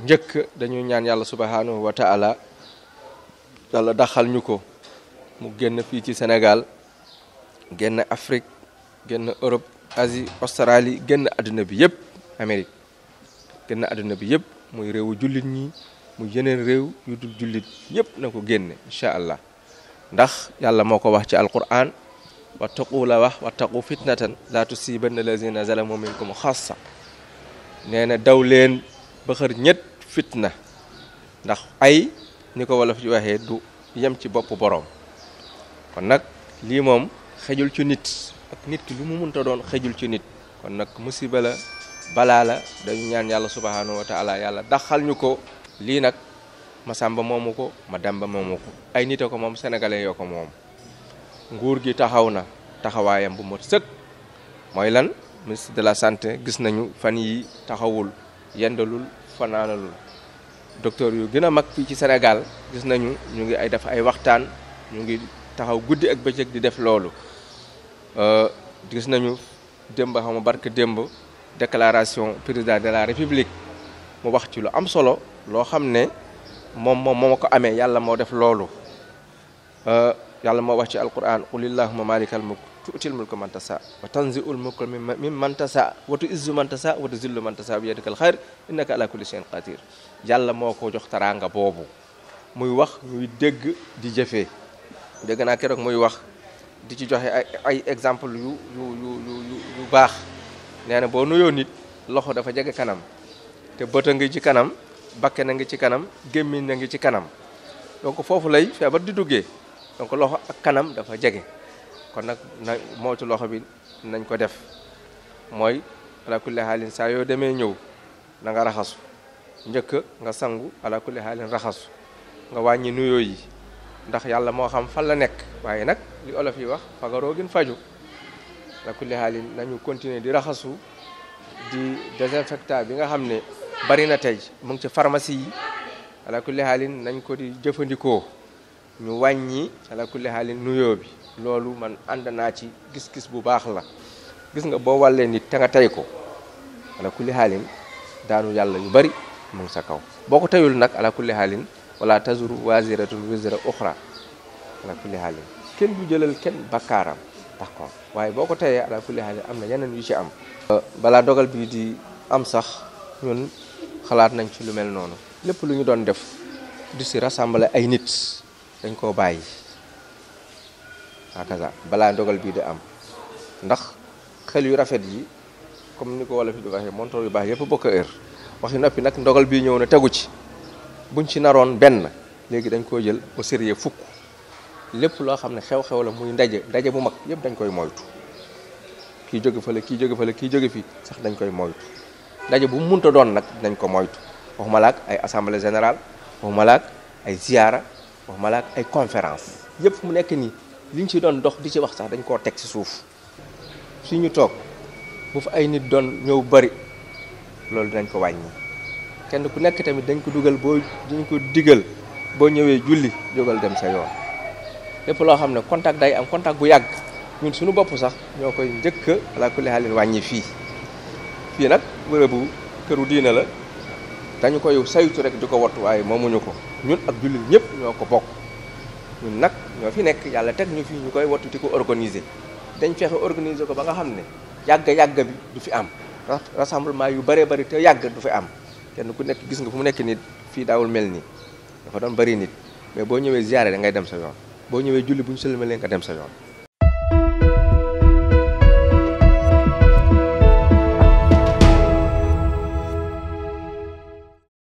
njëkk dañuy ñaan yàlla subhanahu wa taala yàlla daxal ñu ko mu génn fii ci senegal génn Afrique génn Europe Asie Australie génn àdduna bi yëpp Amérique génn adduna bi yëpp muy réew jullit ñi mu yeneen réew yu dul jullit yëpp na ko génne incha allah ndax yàlla moo ko wax ci alquran wattaqu la wax wattaqu fitnatan la tusibanna lazina zalamu minkum xassa nee na daw ba xër ñett fitna ndax ay ni ko wolof di waxee du yem ci bopp boroom kon nag lii moom xejul ci nit ak nit ki lu mu mënta doon xejul ci nit kon nag musiba la balaa la dañu ñaan yàlla subhanahu wa yàlla daxal ñu ko lii nag Masamba moomu ko ma Madamba moomu ko ay nit a ko moom sénégalais yoo ko moom nguur gi taxaw na taxawaayam bu mot sëkk mooy lan ministre de la santé gis nañu fan yi taxawul yendalul fanaanalul docteur yu gën a mag fii ci senegal gis nañu ñu ngi ay def ay waxtaan ñu ngi taxaw guddi ak bëccëg di def loolu euh, gis nañu démb xama barke démb déclaration président de la république mu wax ci lu am solo loo xam ne moom moom moo ko amee yàlla moo def loolu euh, yàlla moo wax ci alquran qul illahuma malikal mulk tuutil mulka man tasa wa tanziul mulka min man tasa wa tuizzu man tasa wa tuzillu man tasa bi yadikal xayr innaka ala kulli shay'in qadir yàlla moo ko jox taraanga boobu muy wax ñuy dégg di jëfee dégg naa keroog muy wax di ci joxe ay ay exemple yu yu yu yu yu baax nee boo nuyoo nit loxo dafa jege kanam te bët a ngi ci kanam bakke na ngi ci kanam gémmi na ngi ci kanam donc foofu lay feebar di duggee donc loxo ak kanam dafa jege kon nag na moytu loxo bi nañ ko def mooy ala kulli xaalin saa yoo demee ñëw na raxasu njëkk nga sangu ala kulli raxasu nga wàññi nuyoo yi ndax yàlla moo xam fan la nekk waaye nag li olof yi wax fagaroo gën faju ala kulli nañu continuer di raxasu di désinfectant bi nga xam ne bari na tey mu ngi ci pharmacie yi ala kulli nañ ko di jëfandikoo ñu wàññi ala kulli xaalin bi loolu man ànd naa ci gis-gis bu baax la gis nga boo wàllee nit te nga tey ko ala kulli xaalin daanu yàlla yu bari mu sa kaw boo ko teyul nag ala kulli xaalin wala tazuru waziratun wizra uxra ala kulli kenn du jëlal kenn bakkaaram d'accord waaye boo ko teyee ala kulli am na yeneen yu ci am euh, balaa dogal bii di am sax ñun xalaat nañ ci lu mel noonu lépp lu ñu doon def di si rassembler ay nit dañ koo bàyyi akaza balaa ndogal bii di am ndax xel yu rafet yi comme ni ko wala fi di waxee montoor yu baax yëpp bokk heure wax yu noppi nag ndogal bii ñëw na tegu ci buñ ci naroon benn léegi dañ koo jël au sérieux fukk lépp loo xam ne xew-xew la muy ndaje ndaje bu mag yëpp dañ koy moytu kii jóge fële kii jóge fële kii jóge fii sax dañ koy moytu ndaje bu mu munta doon nag dañ ko moytu waxuma laak ay assemblée générale waxuma laak ay ziyaara wax ma laak ay conférence yëpp mu nekk nii liñ ci doon dox di ci wax sax dañ koo teg ci suuf si ñu toog bu fa ay nit doon ñëw bari loolu dañ ko wàññi kenn ku nekk tamit dañ ko dugal boo dañ ko diggal boo ñëwee julli jógal dem sa yoon lépp loo xam ne contact day am contact bu yàgg ñun suñu bopp sax ñoo koy njëkk a alaa kulli wàññi fii fii nag bërëbu këru diine la dañu koy saytu rek di ko wattu waaye moomuñu ko ñun ak jullit ñëpp ñoo ko bokk ñun nag ñoo fi nekk yàlla teg ñu fi ñu koy wattu di ko organiser dañ fexe organiser ko ba nga xam ne yàgg-yàgg bi du fi am rassemblement yu bare bari te yàgg du fi am kenn ku nekk gis nga fu mu nekk nit fii daawul mel nii dafa doon bëri nit mais boo ñëwee ziyaare da dem sa yoon boo ñëwee julli bu ñu sëlmalee nga dem sa yoon